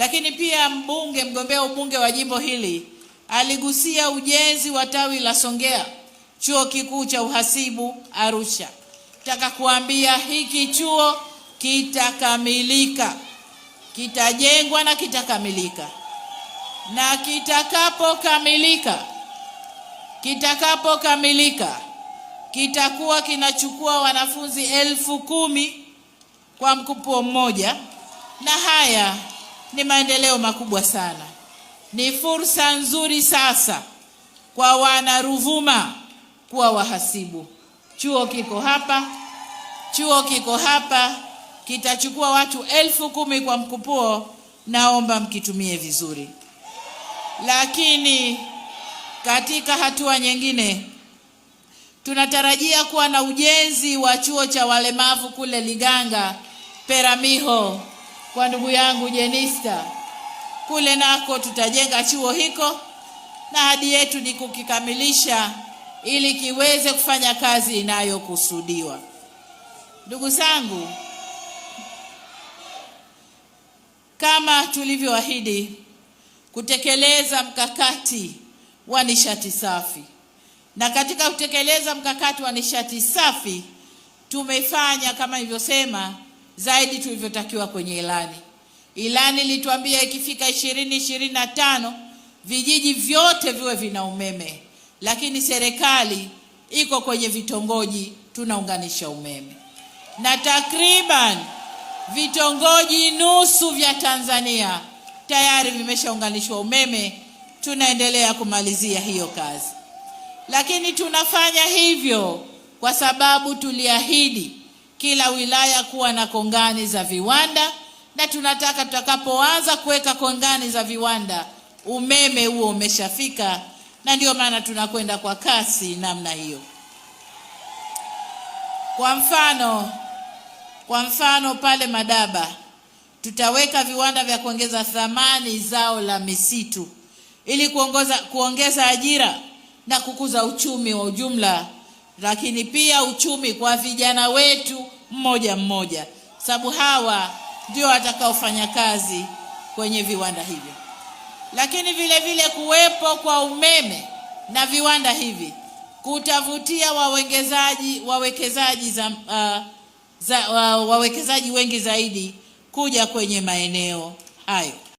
Lakini pia mbunge, mgombea ubunge wa jimbo hili aligusia ujenzi wa tawi la Songea chuo kikuu cha uhasibu Arusha. Nataka kuambia hiki chuo kitakamilika, kitajengwa na kitakamilika, na kitakapokamilika, kitakapokamilika kitakuwa kinachukua wanafunzi elfu kumi kwa mkupuo mmoja, na haya ni maendeleo makubwa sana, ni fursa nzuri sasa kwa wana Ruvuma kuwa wahasibu. Chuo kiko hapa, chuo kiko hapa, kitachukua watu elfu kumi kwa mkupuo, naomba mkitumie vizuri. Lakini katika hatua nyingine, tunatarajia kuwa na ujenzi wa chuo cha walemavu kule Liganga Peramiho kwa ndugu yangu Jenista. Kule nako tutajenga chuo hiko, na hadi yetu ni kukikamilisha ili kiweze kufanya kazi inayokusudiwa. Ndugu zangu, kama tulivyoahidi kutekeleza mkakati wa nishati safi, na katika kutekeleza mkakati wa nishati safi tumefanya kama nilivyosema zaidi tulivyotakiwa kwenye ilani. Ilani ilituambia ikifika ishirini ishirini na tano vijiji vyote viwe vina umeme, lakini serikali iko kwenye vitongoji tunaunganisha umeme, na takriban vitongoji nusu vya Tanzania tayari vimeshaunganishwa umeme. Tunaendelea kumalizia hiyo kazi, lakini tunafanya hivyo kwa sababu tuliahidi kila wilaya kuwa na kongani za viwanda, na tunataka tutakapoanza kuweka kongani za viwanda umeme huo umeshafika, na ndio maana tunakwenda kwa kasi namna hiyo. Kwa mfano, kwa mfano pale Madaba tutaweka viwanda vya kuongeza thamani zao la misitu ili kuongeza, kuongeza ajira na kukuza uchumi wa ujumla lakini pia uchumi kwa vijana wetu mmoja mmoja, sababu hawa ndio watakaofanya kazi kwenye viwanda hivyo, lakini vile vile kuwepo kwa umeme na viwanda hivi kutavutia wawekezaji wawekezaji za, uh, za, uh, wawekezaji wengi zaidi kuja kwenye maeneo hayo.